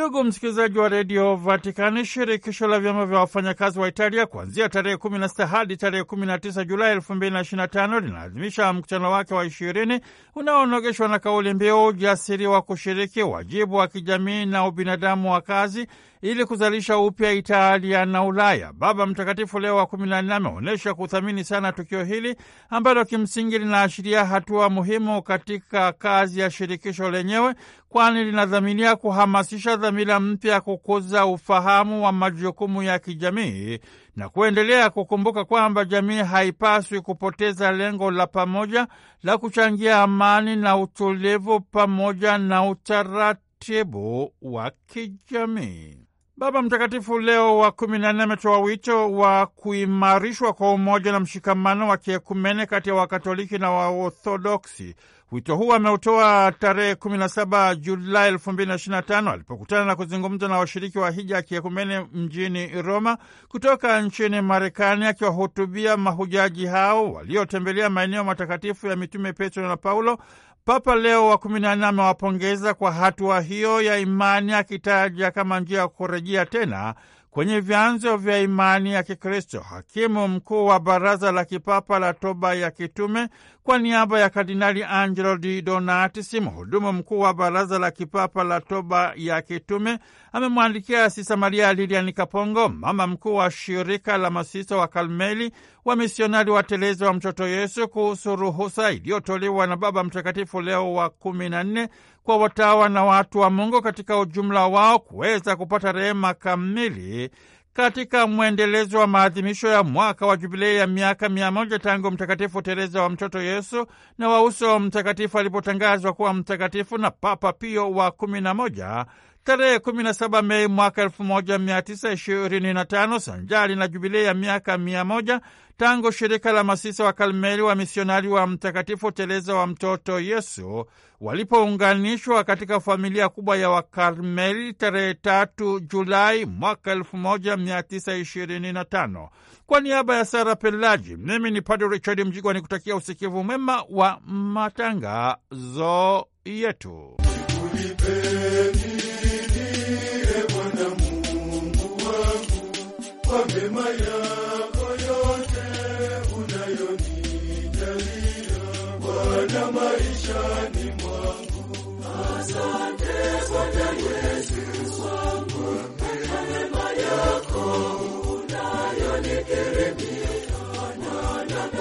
Ndugu msikilizaji wa redio Vatikani, shirikisho la vyama vya wafanyakazi wa Italia kuanzia tarehe 16 hadi tarehe 19 Julai 2025 linaadhimisha mkutano wake wa ishirini unaonogeshwa na kauli mbiu ujasiri wa kushiriki, wajibu wa kijamii na ubinadamu wa kazi, ili kuzalisha upya Italia na Ulaya. Baba Mtakatifu Leo wa kumi na nne ameonyesha kuthamini sana tukio hili ambalo kimsingi linaashiria hatua muhimu katika kazi ya shirikisho lenyewe, kwani linadhaminia kuhamasisha dhamira mpya kukuza ufahamu wa majukumu ya kijamii na kuendelea kukumbuka kwamba jamii haipaswi kupoteza lengo la pamoja la kuchangia amani na utulivu pamoja na utaratibu wa kijamii. Baba Mtakatifu Leo wa kumi na nne ametoa wito wa kuimarishwa kwa umoja na mshikamano wa kiekumene kati ya Wakatoliki na Waorthodoksi. Wito huu ameutoa tarehe 17 Julai 2025 alipokutana na kuzungumza na washiriki wa hija ya kiekumene mjini Roma kutoka nchini Marekani, akiwahutubia mahujaji hao waliotembelea maeneo matakatifu ya mitume Petro na Paulo Papa Leo wa kumi na nne amewapongeza kwa hatua hiyo ya imani, akitaja kama njia ya kurejea tena kwenye vyanzo vya imani ya Kikristo. Hakimu mkuu wa Baraza la Kipapa la Toba ya Kitume kwa niaba ya Kardinali Angelo Di Donatis, mhudumu mkuu wa Baraza la Kipapa la Toba ya Kitume, amemwandikia Sisa Maria Lilian Kapongo, mama mkuu wa shirika la masisa wa kalmeli wa misionari watelezi wa mtoto Yesu, kuhusu ruhusa iliyotolewa na Baba Mtakatifu Leo wa kumi na nne kwa watawa na watu wa Mungu katika ujumla wao kuweza kupata rehema kamili katika mwendelezo wa maadhimisho ya mwaka wa jubilei ya miaka mia moja tangu Mtakatifu Tereza wa Mtoto Yesu na wa Uso wa Mtakatifu alipotangazwa kuwa mtakatifu na Papa Pio wa kumi na moja tarehe 17 Mei mwaka 1925 sanjari na jubilei ya miaka mia moja tangu shirika la masisa wa Karmeli wa misionari wa Mtakatifu Tereza wa mtoto Yesu walipounganishwa katika familia kubwa ya Wakarmeli tarehe tatu Julai mwaka 1925. Kwa niaba ya Sara Pelaji, mimi ni Padre Richard Mjigwa ni kutakia usikivu mwema wa matangazo yetu.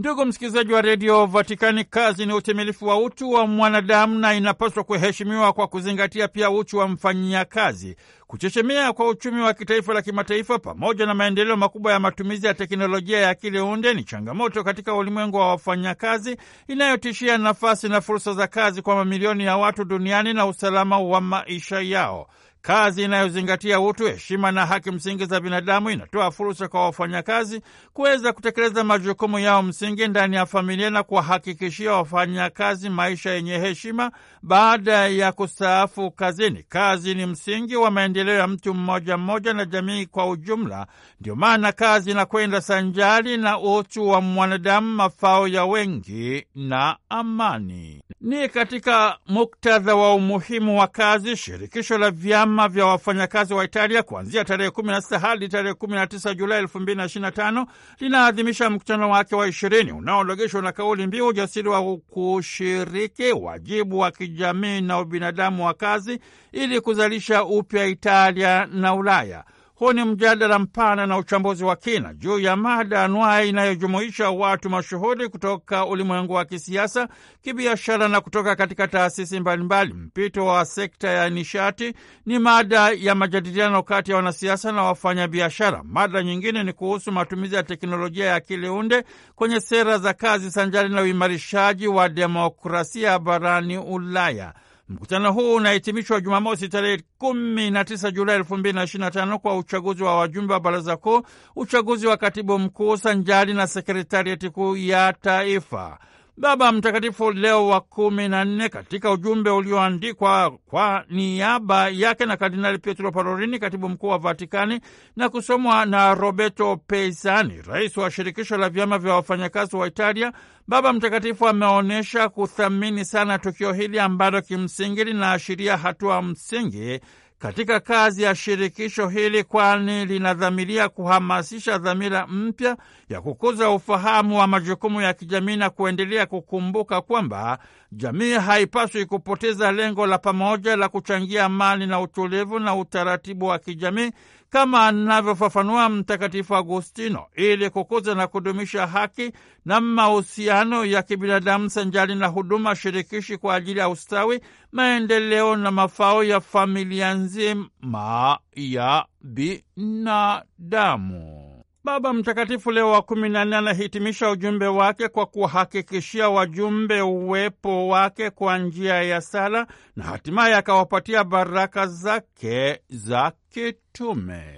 Ndugu msikilizaji wa redio Vatikani, kazi ni utimilifu wa utu wa mwanadamu na inapaswa kuheshimiwa kwa kuzingatia pia uchu wa mfanyakazi. Kuchechemea kwa uchumi wa kitaifa la kimataifa pamoja na maendeleo makubwa ya matumizi ya teknolojia ya akili unde ni changamoto katika ulimwengu wa wafanyakazi inayotishia nafasi na fursa za kazi kwa mamilioni ya watu duniani na usalama wa maisha yao. Kazi inayozingatia utu, heshima na haki msingi za binadamu inatoa fursa kwa wafanyakazi kuweza kutekeleza majukumu yao msingi ndani ya familia na kuwahakikishia wafanyakazi maisha yenye heshima baada ya kustaafu kazini. Kazi ni msingi wa maendeleo ya mtu mmoja mmoja na jamii kwa ujumla. Ndio maana kazi inakwenda sanjari na utu wa mwanadamu, mafao ya wengi na amani. Ni katika muktadha wa umuhimu wa kazi, shirikisho la vyama vyama vya wafanyakazi wa Italia kuanzia tarehe 16 hadi tarehe 19 Julai 2025 linaadhimisha mkutano wake wa ishirini unaodogeshwa na kauli mbiu ujasiri wa kushiriki, wajibu wa kijamii na ubinadamu wa kazi, ili kuzalisha upya Italia na Ulaya. Huu ni mjadala mpana na uchambuzi wa kina juu ya mada anwai inayojumuisha watu mashuhuri kutoka ulimwengu wa kisiasa, kibiashara na kutoka katika taasisi mbalimbali. Mpito wa sekta ya nishati ni mada ya majadiliano kati ya wanasiasa na wafanyabiashara. Mada nyingine ni kuhusu matumizi ya teknolojia ya akili unde kwenye sera za kazi sanjari na uimarishaji wa demokrasia barani Ulaya. Mkutano huu unahitimishwa Jumamosi tarehe 19 Julai 2025 kwa uchaguzi wa wajumbe wa baraza kuu, uchaguzi wa katibu mkuu sanjari na sekretarieti kuu ya taifa. Baba Mtakatifu Leo wa kumi na nne katika ujumbe ulioandikwa kwa niaba yake na Kardinali Pietro Parolini, katibu mkuu wa Vatikani, na kusomwa na Roberto Pezzani, rais wa shirikisho la vyama vya wafanyakazi wa Italia, Baba Mtakatifu ameonyesha kuthamini sana tukio hili ambalo kimsingi linaashiria hatua msingi katika kazi ya shirikisho hili, kwani linadhamiria kuhamasisha dhamira mpya ya kukuza ufahamu wa majukumu ya kijamii na kuendelea kukumbuka kwamba jamii haipaswi kupoteza lengo la pamoja la kuchangia amani na utulivu na utaratibu wa kijamii kama anavyofafanua Mtakatifu Agustino, ili kukuza na kudumisha haki na mahusiano ya kibinadamu sanjali na huduma shirikishi kwa ajili ya ustawi, maendeleo na mafao ya familia nzima ya binadamu. Baba Mtakatifu Leo wa kumi na nne anahitimisha ujumbe wake kwa kuwahakikishia wajumbe uwepo wake kwa njia ya sala na hatimaye akawapatia baraka zake za kitume.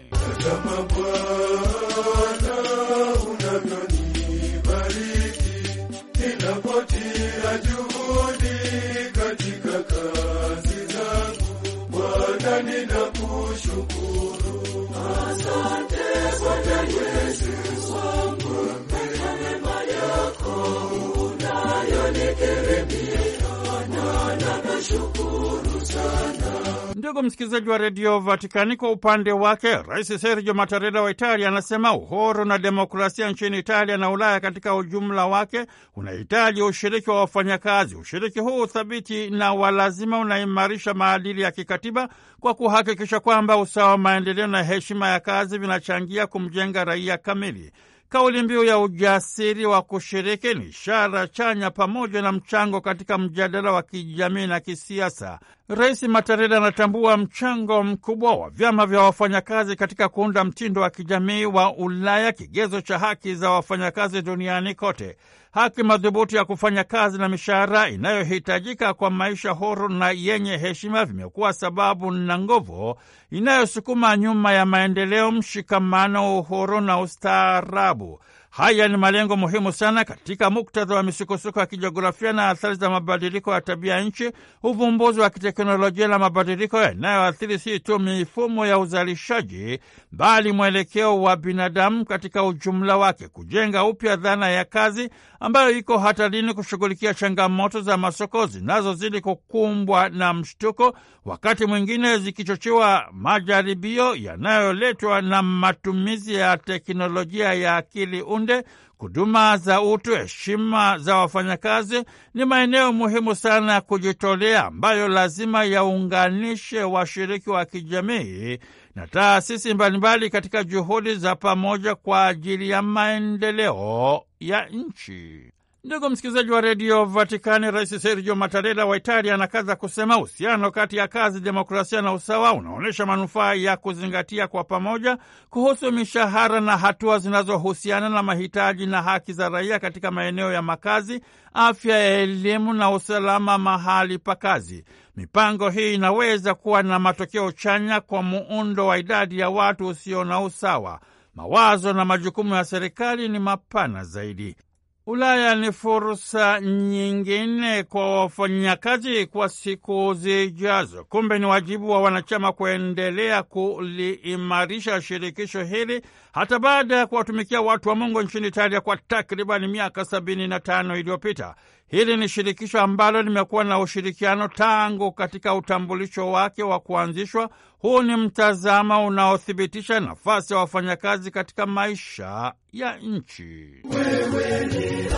Ndugu msikilizaji wa redio Vatikani, kwa upande wake Rais Sergio Mattarella wa Italia anasema uhuru na demokrasia nchini Italia na Ulaya katika ujumla wake unahitaji ushiriki wa wafanyakazi. Ushiriki huu thabiti na walazima unaimarisha maadili ya kikatiba kwa kuhakikisha kwamba usawa, maendeleo na heshima ya kazi vinachangia kumjenga raia kamili. Kauli mbiu ya ujasiri wa kushiriki ni ishara chanya pamoja na mchango katika mjadala wa kijamii na kisiasa. Rais Matareda anatambua mchango mkubwa wa vyama vya wafanyakazi katika kuunda mtindo wa kijamii wa Ulaya, kigezo cha haki za wafanyakazi duniani kote haki madhubuti ya kufanya kazi na mishahara inayohitajika kwa maisha huru na yenye heshima vimekuwa sababu na nguvu inayosukuma nyuma ya maendeleo, mshikamano, uhuru na ustaarabu. Haya ni malengo muhimu sana katika muktadha wa misukosuko ya kijiografia na athari za mabadiliko ya tabia nchi, uvumbuzi wa kiteknolojia na mabadiliko yanayoathiri si tu mifumo ya uzalishaji, bali mwelekeo wa binadamu katika ujumla wake, kujenga upya dhana ya kazi ambayo iko hatarini, kushughulikia changamoto za masoko zinazozidi kukumbwa na mshtuko, wakati mwingine zikichochewa majaribio yanayoletwa na matumizi ya teknolojia ya akili kunde, huduma za utu, heshima za wafanyakazi ni maeneo muhimu sana ya kujitolea ambayo lazima yaunganishe washiriki wa kijamii na taasisi mbalimbali katika juhudi za pamoja kwa ajili ya maendeleo ya nchi. Ndugu msikilizaji wa redio Vatikani, Rais Sergio Mattarella wa Italia anakaza kusema uhusiano kati ya kazi, demokrasia na usawa unaonyesha manufaa ya kuzingatia kwa pamoja kuhusu mishahara na hatua zinazohusiana na mahitaji na haki za raia katika maeneo ya makazi, afya, ya elimu na usalama mahali pa kazi. Mipango hii inaweza kuwa na matokeo chanya kwa muundo wa idadi ya watu usio na usawa. Mawazo na majukumu ya serikali ni mapana zaidi. Ulaya ni fursa nyingine kwa wafanyakazi kwa siku zijazo. Kumbe ni wajibu wa wanachama kuendelea kuliimarisha shirikisho hili hata baada ya kuwatumikia watu wa Mungu nchini Italia kwa takribani miaka sabini na tano iliyopita. Hili ni shirikisho ambalo limekuwa na ushirikiano tangu katika utambulisho wake wa kuanzishwa. Huu ni mtazamo unaothibitisha nafasi ya wafanyakazi katika maisha ya nchi. Wewe ni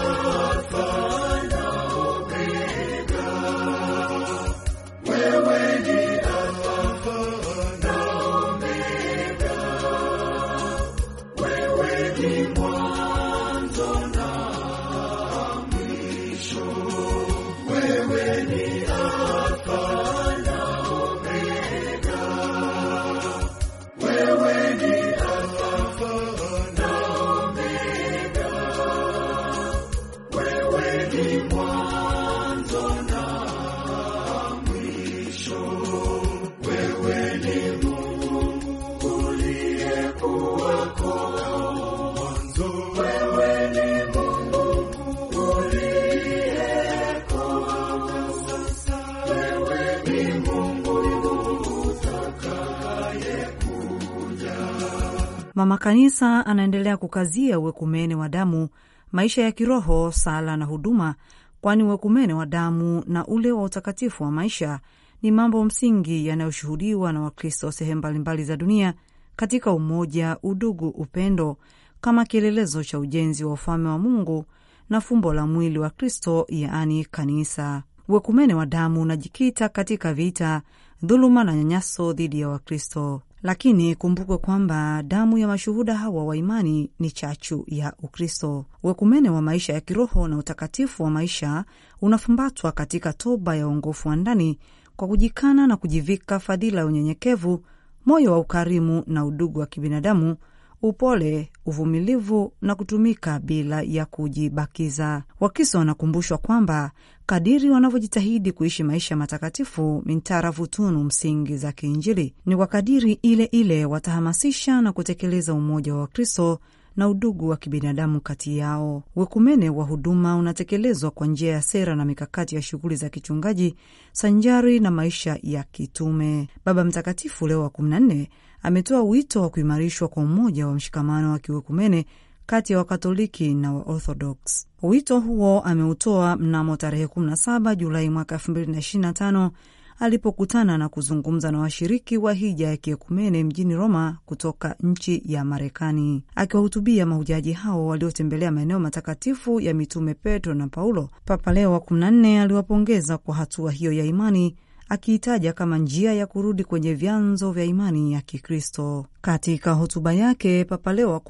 Mama Kanisa anaendelea kukazia uwekumene wa damu, maisha ya kiroho, sala na huduma, kwani uwekumene wa damu na ule wa utakatifu wa maisha ni mambo msingi yanayoshuhudiwa na Wakristo sehemu mbalimbali za dunia katika umoja, udugu, upendo kama kielelezo cha ujenzi wa ufalme wa Mungu na fumbo la mwili wa Kristo, yaani kanisa. Uwekumene wa damu unajikita katika vita, dhuluma na nyanyaso dhidi ya Wakristo. Lakini kumbukwe kwamba damu ya mashuhuda hawa wa imani ni chachu ya Ukristo. Wekumene wa maisha ya kiroho na utakatifu wa maisha unafumbatwa katika toba ya uongofu wa ndani kwa kujikana na kujivika fadhila ya unyenyekevu, moyo wa ukarimu na udugu wa kibinadamu, upole, uvumilivu na kutumika bila ya kujibakiza. Wakristo wanakumbushwa kwamba Kadiri wanavyojitahidi kuishi maisha matakatifu mintara vutunu msingi za kiinjili, ni kwa kadiri ile ile watahamasisha na kutekeleza umoja wa Wakristo na udugu wa kibinadamu kati yao. Wekumene wa huduma unatekelezwa kwa njia ya sera na mikakati ya shughuli za kichungaji sanjari na maisha ya kitume. Baba Mtakatifu Leo wa 14 ametoa wito wa kuimarishwa kwa umoja wa mshikamano wa kiwekumene kati ya Wakatoliki na Waorthodox. Wito huo ameutoa mnamo tarehe 17 Julai mwaka 2025 alipokutana na kuzungumza na washiriki wa hija ya kiekumene mjini Roma kutoka nchi ya Marekani. Akiwahutubia mahujaji hao waliotembelea maeneo matakatifu ya mitume Petro na Paulo, Papa Leo wa 14 aliwapongeza kwa hatua hiyo ya imani akiitaja kama njia ya kurudi kwenye vyanzo vya imani ya Kikristo. Katika hotuba yake, Papa Leo wa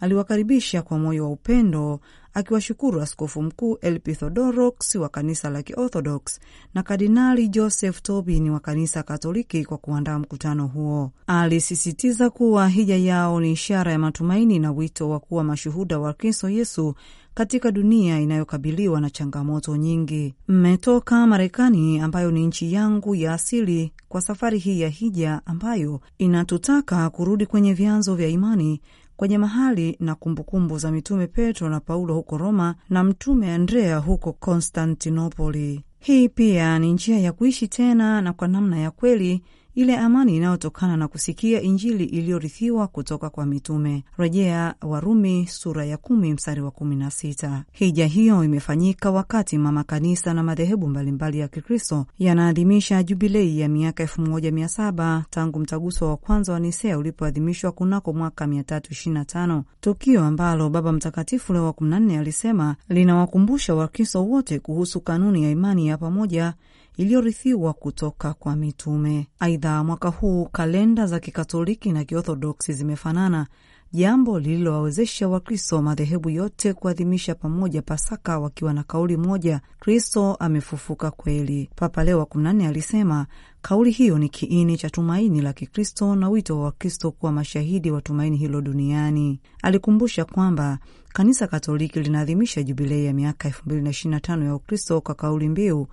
aliwakaribisha kwa moyo wa upendo akiwashukuru Askofu Mkuu elpithodorox wa kanisa la Kiorthodox na Kardinali Joseph Tobin wa kanisa Katoliki kwa kuandaa mkutano huo. Alisisitiza kuwa hija yao ni ishara ya matumaini na wito wa kuwa mashuhuda wa Kristo Yesu katika dunia inayokabiliwa na changamoto nyingi. Mmetoka Marekani, ambayo ni nchi yangu ya asili, kwa safari hii ya hija ambayo inatutaka kurudi kwenye vyanzo vya imani kwenye mahali na kumbukumbu za mitume Petro na Paulo huko Roma na mtume Andrea huko Konstantinopoli. Hii pia ni njia ya kuishi tena na kwa namna ya kweli ile amani inayotokana na kusikia Injili iliyorithiwa kutoka kwa mitume, rejea Warumi sura ya kumi mstari wa kumi na sita. Hija hiyo imefanyika wakati mama kanisa na madhehebu mbalimbali ya Kikristo yanaadhimisha jubilei ya miaka elfu moja mia saba tangu mtaguso wa kwanza wa Nisea ulipoadhimishwa kunako mwaka 325, tukio ambalo Baba Mtakatifu Leo wa 14 alisema linawakumbusha Wakristo wote kuhusu kanuni ya imani ya pamoja iliyorithiwa kutoka kwa mitume. Aidha, mwaka huu kalenda za Kikatoliki na Kiorthodoksi zimefanana, jambo lililowawezesha Wakristo madhehebu yote kuadhimisha pamoja Pasaka wakiwa na kauli moja, Kristo amefufuka kweli. Papa Leo wa kumi alisema kauli hiyo ni kiini cha tumaini la Kikristo na wito wa Wakristo kuwa mashahidi wa tumaini hilo duniani. Alikumbusha kwamba Kanisa Katoliki linaadhimisha jubilei ya miaka 2025 ya Ukristo kwa kauli mbiu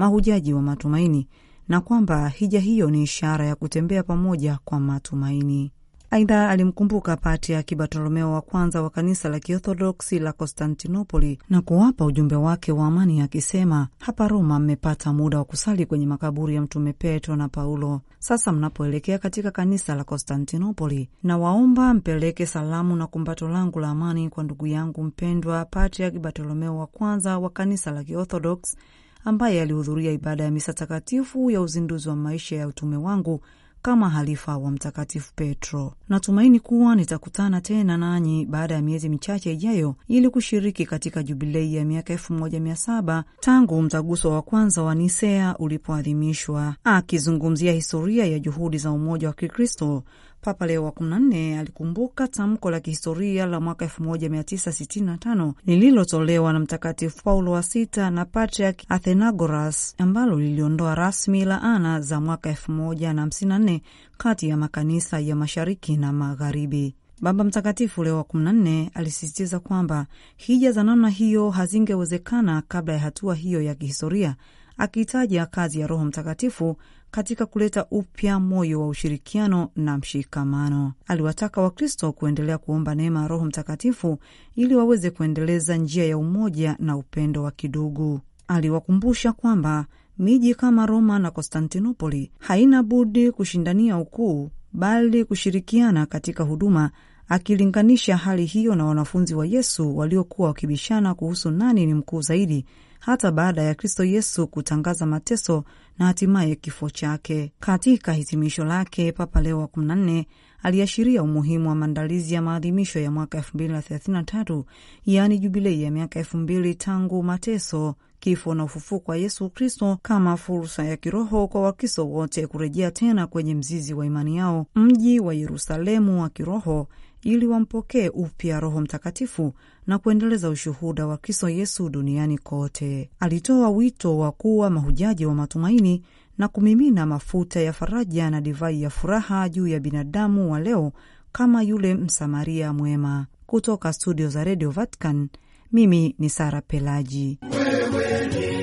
mahujaji wa matumaini na kwamba hija hiyo ni ishara ya kutembea pamoja kwa matumaini. Aidha, alimkumbuka Patriaki Bartolomeo wa kwanza wa kanisa la Kiorthodoksi la Konstantinopoli na kuwapa ujumbe wake wa amani akisema, hapa Roma mmepata muda wa kusali kwenye makaburi ya Mtume Petro na Paulo. Sasa mnapoelekea katika kanisa la Konstantinopoli, na waomba mpeleke salamu na kumbato langu la amani kwa ndugu yangu mpendwa Patriaki Bartolomeo wa kwanza wa kanisa la Kiorthodoksi ambaye alihudhuria ibada ya misa takatifu ya uzinduzi wa maisha ya utume wangu kama halifa wa Mtakatifu Petro. Natumaini kuwa nitakutana tena nanyi baada ya miezi michache ijayo ili kushiriki katika jubilei ya miaka elfu moja mia saba tangu mtaguso wa kwanza wa Nisea ulipoadhimishwa. Akizungumzia historia ya juhudi za umoja wa Kikristo Papa Leo wa 14 alikumbuka tamko la kihistoria la mwaka 1965 lililotolewa na Mtakatifu Paulo wa Sita na Patriak Athenagoras ambalo liliondoa rasmi laana za mwaka 1054 kati ya makanisa ya mashariki na magharibi. Baba Mtakatifu Leo wa 14 alisisitiza kwamba hija za namna hiyo hazingewezekana kabla ya hatua hiyo ya kihistoria, akitaja kazi ya Roho Mtakatifu katika kuleta upya moyo wa ushirikiano na mshikamano. Aliwataka Wakristo kuendelea kuomba neema ya Roho Mtakatifu ili waweze kuendeleza njia ya umoja na upendo wa kidugu. Aliwakumbusha kwamba miji kama Roma na Konstantinopoli haina budi kushindania ukuu, bali kushirikiana katika huduma akilinganisha hali hiyo na wanafunzi wa Yesu waliokuwa wakibishana kuhusu nani ni mkuu zaidi hata baada ya Kristo Yesu kutangaza mateso na hatimaye kifo chake. Katika hitimisho lake, Papa Leo wa 14 aliashiria umuhimu wa maandalizi ya maadhimisho ya mwaka 2033 yaani jubilei ya miaka elfu tangu mateso kifo na ufufuko wa Yesu Kristo kama fursa ya kiroho kwa Wakristo wote kurejea tena kwenye mzizi wa imani yao, mji wa Yerusalemu wa kiroho ili wampokee upya Roho Mtakatifu na kuendeleza ushuhuda wa Kristo Yesu duniani kote. Alitoa wito wa kuwa mahujaji wa matumaini na kumimina mafuta ya faraja na divai ya furaha juu ya binadamu wa leo kama yule Msamaria mwema. Kutoka studio za redio Vatican, mimi ni Sara Pelaji. Wewe ni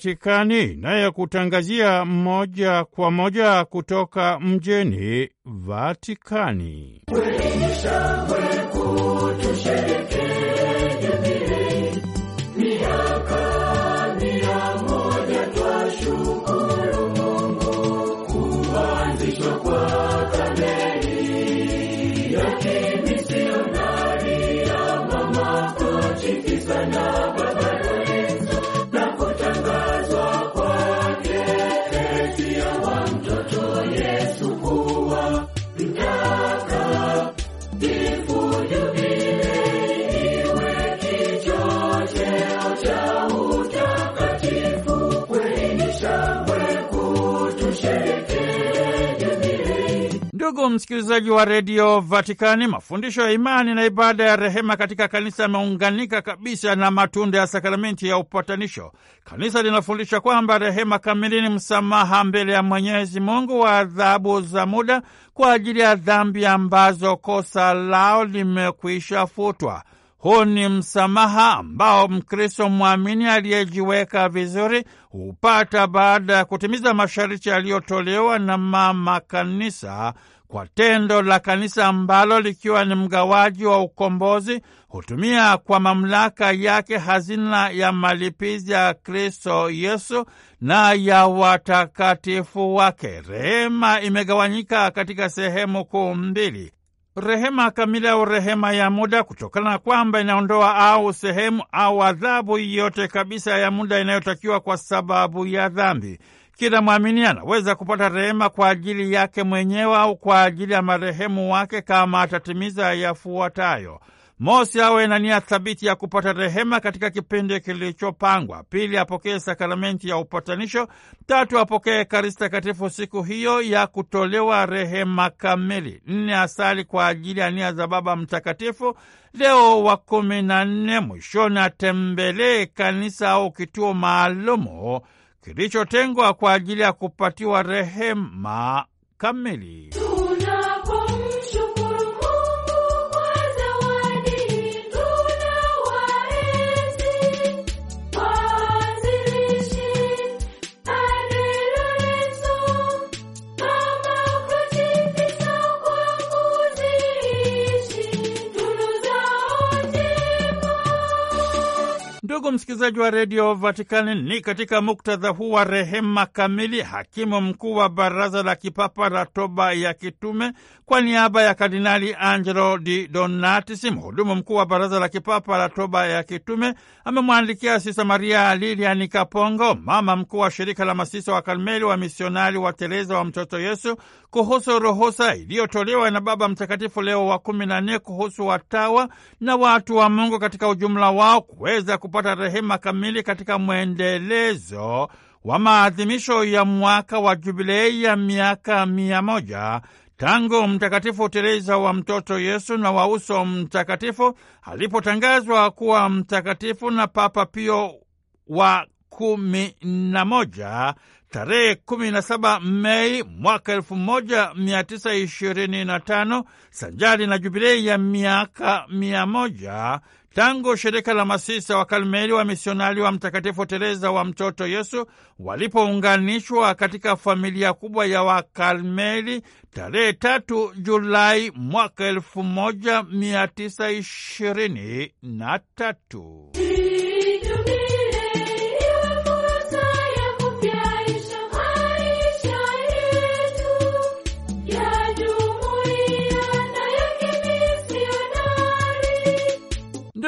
Vatikani inayokutangazia moja kwa moja kutoka mjini Vatikani. msikilizaji wa redio Vatikani, mafundisho ya imani na ibada ya rehema katika kanisa yameunganika kabisa na matunda ya sakramenti ya upatanisho. Kanisa linafundisha kwamba rehema kamili ni msamaha mbele ya Mwenyezi Mungu wa adhabu za muda kwa ajili ya dhambi ambazo kosa lao limekwisha futwa. Huu ni msamaha ambao Mkristo mwamini aliyejiweka vizuri hupata baada ya kutimiza masharti yaliyotolewa na Mama Kanisa kwa tendo la kanisa ambalo likiwa ni mgawaji wa ukombozi hutumia kwa mamlaka yake hazina ya malipizi ya Kristo Yesu na ya watakatifu wake. Rehema imegawanyika katika sehemu kuu mbili: rehema kamili au rehema ya muda, kutokana na kwamba inaondoa au sehemu au adhabu yote kabisa ya muda inayotakiwa kwa sababu ya dhambi. Kila mwamini anaweza kupata rehema kwa ajili yake mwenyewe au kwa ajili ya marehemu wake kama atatimiza yafuatayo: Mosi, awe na nia thabiti ya kupata rehema katika kipindi kilichopangwa. Pili, apokee sakramenti ya upatanisho. Tatu, apokee Ekaristi Takatifu siku hiyo ya kutolewa rehema kamili. Nne, asali kwa ajili ya nia za Baba Mtakatifu Leo wa kumi na nne. Mwishoni, atembelee kanisa au kituo maalumu kilichotengwa kwa ajili ya kupatiwa rehema kamili. Ndugu msikilizaji wa redio Vatikani, ni katika muktadha huu wa rehema kamili, hakimu mkuu wa baraza la kipapa la toba ya kitume kwa niaba ya Kardinali Angelo Di Donatis, mhudumu mkuu wa baraza la kipapa la toba ya kitume amemwandikia Sisa Maria Liliani Kapongo, mama mkuu wa shirika la masisa wa Karmeli wa misionari wa Tereza wa mtoto Yesu, kuhusu ruhusa iliyotolewa na Baba Mtakatifu Leo wa kumi na nne kuhusu watawa na watu wa Mungu katika ujumla wao kuweza kupata kupata rehema kamili katika mwendelezo wa maadhimisho ya mwaka wa jubilei ya miaka mia moja tangu Mtakatifu Tereza wa mtoto Yesu na wa uso mtakatifu alipotangazwa kuwa mtakatifu na Papa Pio wa kumi na moja tarehe 17 Mei mwaka 1925 sanjari na jubilei ya miaka mia moja tangu shirika la masisa wa Karmeli wa misionari wa Mtakatifu Tereza wa mtoto Yesu walipounganishwa katika familia kubwa ya Wakarmeli tarehe tatu Julai mwaka elfu moja mia tisa ishirini na tatu.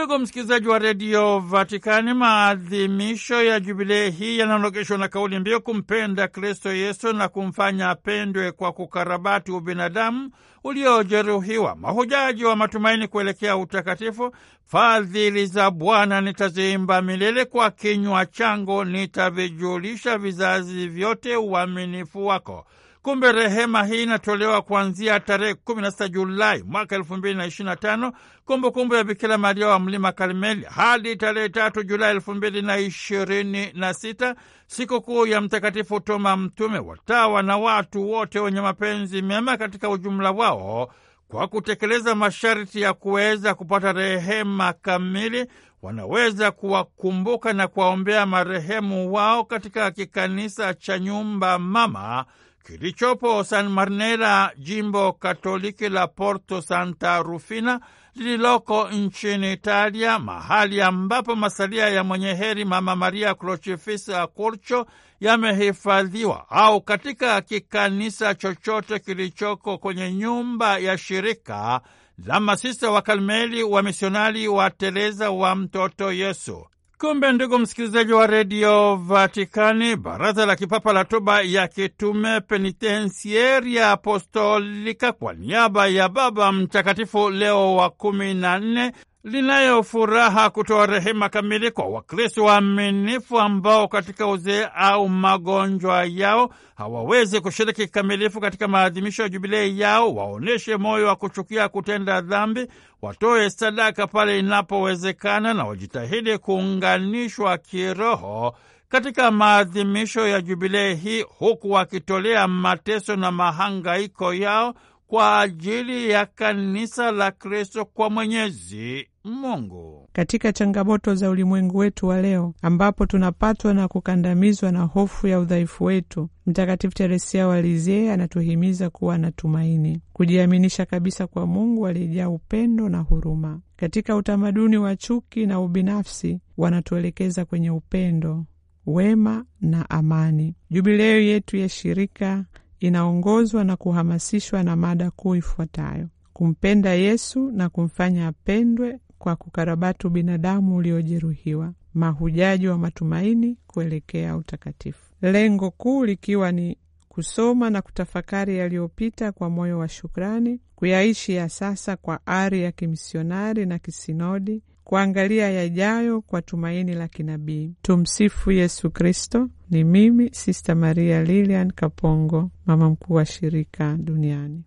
Ndugu msikilizaji wa redio Vatikani, maadhimisho ya jubilei hii yanaonogeshwa na kauli mbiu kumpenda Kristo Yesu na kumfanya apendwe kwa kukarabati ubinadamu uliojeruhiwa, mahujaji wa matumaini kuelekea utakatifu. Fadhili za Bwana nitaziimba milele, kwa kinywa changu nitavijulisha vizazi vyote uaminifu wako. Kumbe rehema hii inatolewa kuanzia tarehe 16 Julai mwaka 2025, kumbukumbu ya Bikira Maria wa Mlima Karmeli, hadi tarehe 3 Julai 2026, sikukuu ya Mtakatifu Toma Mtume. Watawa na watu wote wenye mapenzi mema katika ujumla wao kwa kutekeleza masharti ya kuweza kupata rehema kamili wanaweza kuwakumbuka na kuwaombea marehemu wao katika kikanisa cha nyumba mama kilichopo San Marnera, jimbo katoliki la Porto Santa Rufina lililoko nchini Italia, mahali ambapo masalia ya mwenye heri Mama Maria Crocifissa kurcho yamehifadhiwa, au katika kikanisa chochote kilichoko kwenye nyumba ya shirika la masista wa Karmeli wa misionari wa Tereza wa mtoto Yesu. Kumbe ndugu msikilizaji wa redio Vatikani, baraza la kipapa la toba ya kitume penitensieria apostolika kwa niaba ya Baba Mtakatifu Leo wa kumi na nne linayo furaha kutoa rehema kamili kwa Wakristo waaminifu ambao katika uzee au magonjwa yao hawawezi kushiriki kikamilifu katika maadhimisho ya jubilei yao. Waonyeshe moyo wa kuchukia kutenda dhambi, watoe sadaka pale inapowezekana, na wajitahidi kuunganishwa kiroho katika maadhimisho ya jubilei hii, huku wakitolea mateso na mahangaiko yao kwa ajili ya kanisa la Kristo kwa Mwenyezi Mongo. Katika changamoto za ulimwengu wetu wa leo, ambapo tunapatwa na kukandamizwa na hofu ya udhaifu wetu, Mtakatifu Teresia wa Lisieux anatuhimiza kuwa na tumaini, kujiaminisha kabisa kwa Mungu aliyejaa upendo na huruma. Katika utamaduni wa chuki na ubinafsi, wanatuelekeza kwenye upendo, wema na amani. Jubileo yetu ya shirika inaongozwa na kuhamasishwa na mada kuu ifuatayo: kumpenda Yesu na kumfanya apendwe kwa kukarabati binadamu uliojeruhiwa, mahujaji wa matumaini kuelekea utakatifu, lengo kuu likiwa ni kusoma na kutafakari yaliyopita kwa moyo wa shukrani, kuyaishi ya sasa kwa ari ya kimisionari na kisinodi, kuangalia yajayo kwa tumaini la kinabii. Tumsifu Yesu Kristo. Ni mimi Sista Maria Lilian Kapongo, mama mkuu wa shirika duniani.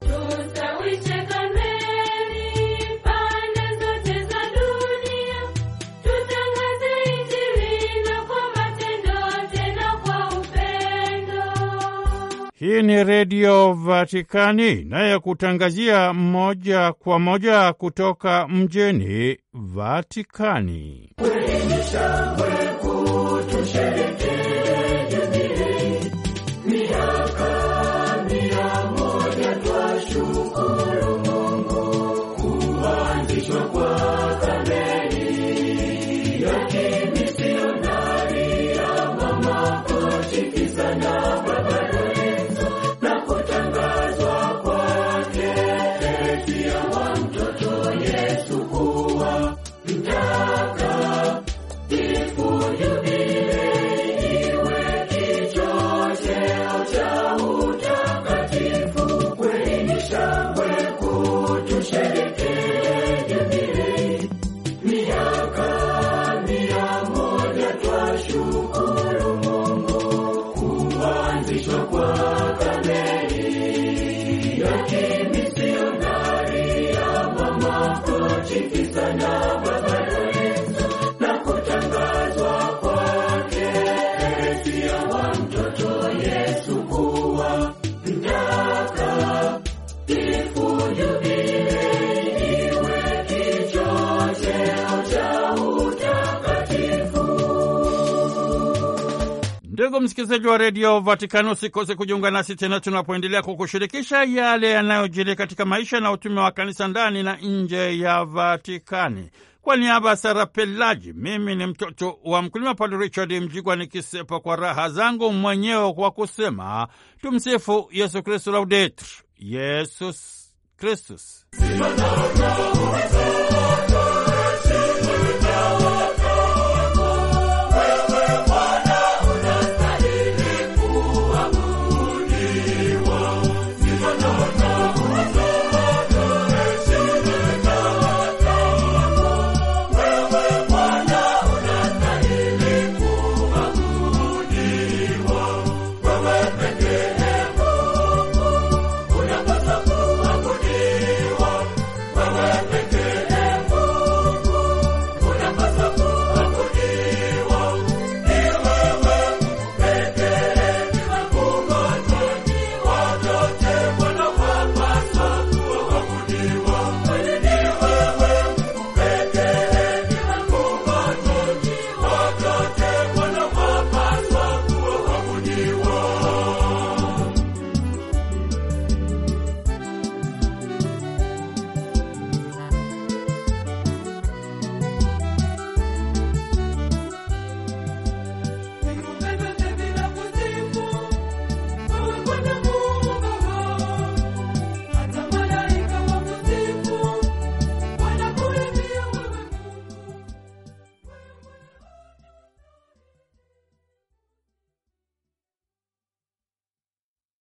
Hii ni Redio Vatikani inayokutangazia moja kwa moja kutoka mjini Vatikani. msikilizaji wa redio Vatikani, usikose kujiunga nasi tena tunapoendelea kukushirikisha yale yanayojiri katika maisha na utume wa kanisa ndani na nje ya Vatikani. Kwa niaba ya Sara Pelaji, mimi ni mtoto wa mkulima Padre Richard Mjigwa, nikisepa kwa raha zangu mwenyewe kwa kusema tumsifu Yesu Kristu, laudetur Yesus Kristus.